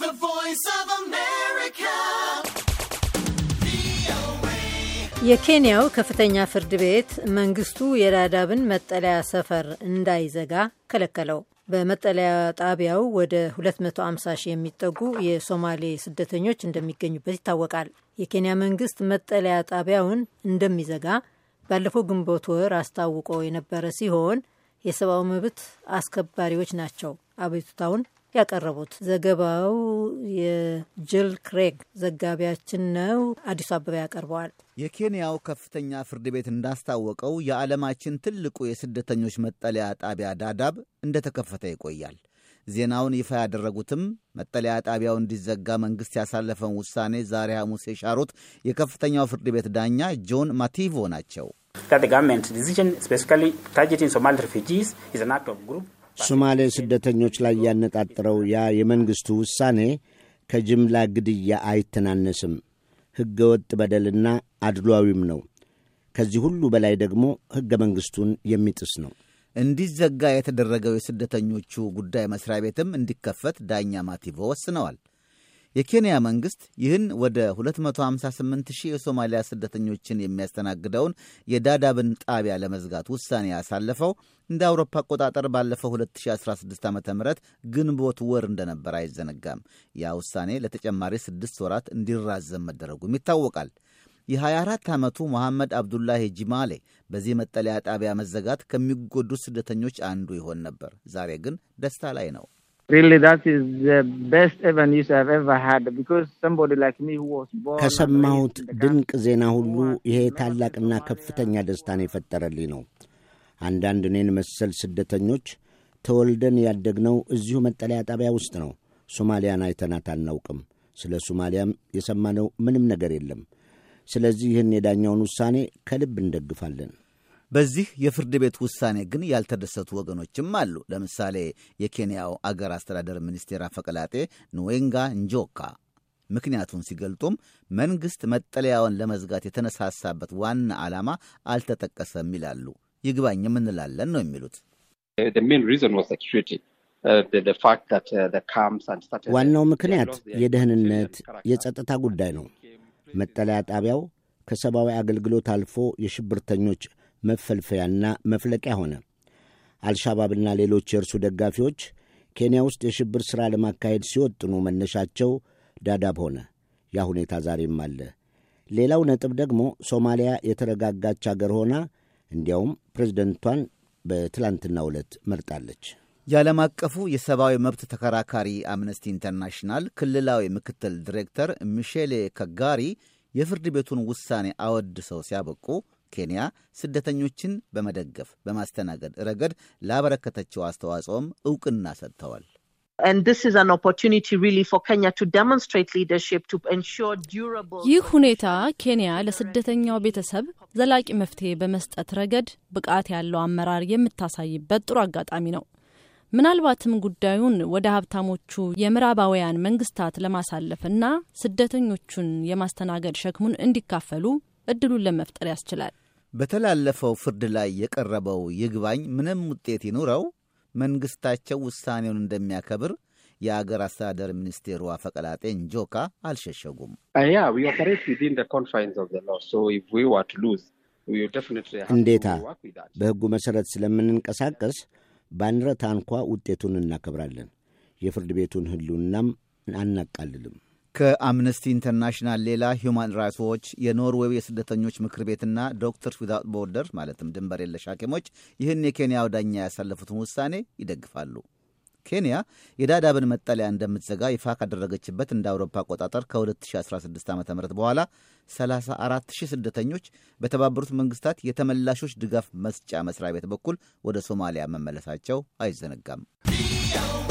The Voice of America. የኬንያው ከፍተኛ ፍርድ ቤት መንግስቱ የዳዳብን መጠለያ ሰፈር እንዳይዘጋ ከለከለው። በመጠለያ ጣቢያው ወደ 250 ሺህ የሚጠጉ የሶማሌ ስደተኞች እንደሚገኙበት ይታወቃል። የኬንያ መንግስት መጠለያ ጣቢያውን እንደሚዘጋ ባለፈው ግንቦት ወር አስታውቆ የነበረ ሲሆን የሰብአዊ መብት አስከባሪዎች ናቸው አቤቱታውን ያቀረቡት። ዘገባው የጅል ክሬግ ዘጋቢያችን ነው፣ አዲሱ አበባ ያቀርበዋል። የኬንያው ከፍተኛ ፍርድ ቤት እንዳስታወቀው የዓለማችን ትልቁ የስደተኞች መጠለያ ጣቢያ ዳዳብ እንደተከፈተ ይቆያል። ዜናውን ይፋ ያደረጉትም መጠለያ ጣቢያው እንዲዘጋ መንግሥት ያሳለፈውን ውሳኔ ዛሬ ሐሙስ የሻሩት የከፍተኛው ፍርድ ቤት ዳኛ ጆን ማቲቮ ናቸው። ሶማሌ ስደተኞች ላይ ያነጣጠረው ያ የመንግሥቱ ውሳኔ ከጅምላ ግድያ አይተናነስም፣ ሕገ ወጥ በደልና አድሏዊም ነው። ከዚህ ሁሉ በላይ ደግሞ ሕገ መንግሥቱን የሚጥስ ነው። እንዲዘጋ የተደረገው የስደተኞቹ ጉዳይ መሥሪያ ቤትም እንዲከፈት ዳኛ ማቲቮ ወስነዋል። የኬንያ መንግሥት ይህን ወደ 258 ሺህ የሶማሊያ ስደተኞችን የሚያስተናግደውን የዳዳብን ጣቢያ ለመዝጋት ውሳኔ ያሳለፈው እንደ አውሮፓ አቆጣጠር ባለፈው 2016 ዓ ም ግንቦት ወር እንደነበር አይዘነጋም። ያ ውሳኔ ለተጨማሪ ስድስት ወራት እንዲራዘም መደረጉም ይታወቃል። የ24 ዓመቱ መሐመድ አብዱላሂ ጂማሌ በዚህ መጠለያ ጣቢያ መዘጋት ከሚጎዱ ስደተኞች አንዱ ይሆን ነበር። ዛሬ ግን ደስታ ላይ ነው። ከሰማሁት ድንቅ ዜና ሁሉ ይሄ ታላቅና ከፍተኛ ደስታን የፈጠረልኝ ነው። አንዳንድ እኔን መሰል ስደተኞች ተወልደን ያደግነው እዚሁ መጠለያ ጣቢያ ውስጥ ነው። ሶማሊያን አይተናት አናውቅም። ስለ ሶማሊያም የሰማነው ምንም ነገር የለም። ስለዚህ ይህን የዳኛውን ውሳኔ ከልብ እንደግፋለን። በዚህ የፍርድ ቤት ውሳኔ ግን ያልተደሰቱ ወገኖችም አሉ። ለምሳሌ የኬንያው አገር አስተዳደር ሚኒስቴር አፈቀላጤ ንዌንጋ እንጆካ ምክንያቱን ሲገልጡም መንግሥት መጠለያውን ለመዝጋት የተነሳሳበት ዋና ዓላማ አልተጠቀሰም ይላሉ። ይግባኝም እንላለን ነው የሚሉት። uh, uh, ዋናው ምክንያት የደህንነት የጸጥታ ጉዳይ ነው። መጠለያ ጣቢያው ከሰብአዊ አገልግሎት አልፎ የሽብርተኞች መፈልፈያና መፍለቂያ ሆነ። አልሻባብና ሌሎች የእርሱ ደጋፊዎች ኬንያ ውስጥ የሽብር ሥራ ለማካሄድ ሲወጥኑ መነሻቸው ዳዳብ ሆነ። ያ ሁኔታ ዛሬም አለ። ሌላው ነጥብ ደግሞ ሶማሊያ የተረጋጋች አገር ሆና እንዲያውም ፕሬዝደንቷን በትላንትና ዕለት መርጣለች። የዓለም አቀፉ የሰብአዊ መብት ተከራካሪ አምነስቲ ኢንተርናሽናል ክልላዊ ምክትል ዲሬክተር ሚሼሌ ከጋሪ የፍርድ ቤቱን ውሳኔ አወድሰው ሲያበቁ ኬንያ ስደተኞችን በመደገፍ በማስተናገድ ረገድ ላበረከተችው አስተዋጽኦም እውቅና ሰጥተዋል። ይህ ሁኔታ ኬንያ ለስደተኛው ቤተሰብ ዘላቂ መፍትሄ በመስጠት ረገድ ብቃት ያለው አመራር የምታሳይበት ጥሩ አጋጣሚ ነው። ምናልባትም ጉዳዩን ወደ ሀብታሞቹ የምዕራባውያን መንግስታት ለማሳለፍ እና ስደተኞቹን የማስተናገድ ሸክሙን እንዲካፈሉ እድሉን ለመፍጠር ያስችላል። በተላለፈው ፍርድ ላይ የቀረበው ይግባኝ ምንም ውጤት ይኑረው መንግሥታቸው ውሳኔውን እንደሚያከብር የአገር አስተዳደር ሚኒስቴሩ አፈቀላጤ እንጆካ አልሸሸጉም። uh, እንዴታ በሕጉ መሠረት ስለምንንቀሳቀስ ባንረታ እንኳ ውጤቱን እናከብራለን። የፍርድ ቤቱን ሕልውናም አናቃልልም። ከአምነስቲ ኢንተርናሽናል ሌላ ሂውማን ራይትስ ዎች፣ የኖርዌው የስደተኞች ምክር ቤትና ዶክተርስ ዊዛውት ቦርደር ማለትም ድንበር የለሽ ሐኪሞች ይህን የኬንያው ዳኛ ያሳለፉትን ውሳኔ ይደግፋሉ። ኬንያ የዳዳብን መጠለያ እንደምትዘጋ ይፋ ካደረገችበት እንደ አውሮፓ አቆጣጠር ከ2016 ዓ ም በኋላ 34,000 ስደተኞች በተባበሩት መንግስታት የተመላሾች ድጋፍ መስጫ መስሪያ ቤት በኩል ወደ ሶማሊያ መመለሳቸው አይዘነጋም።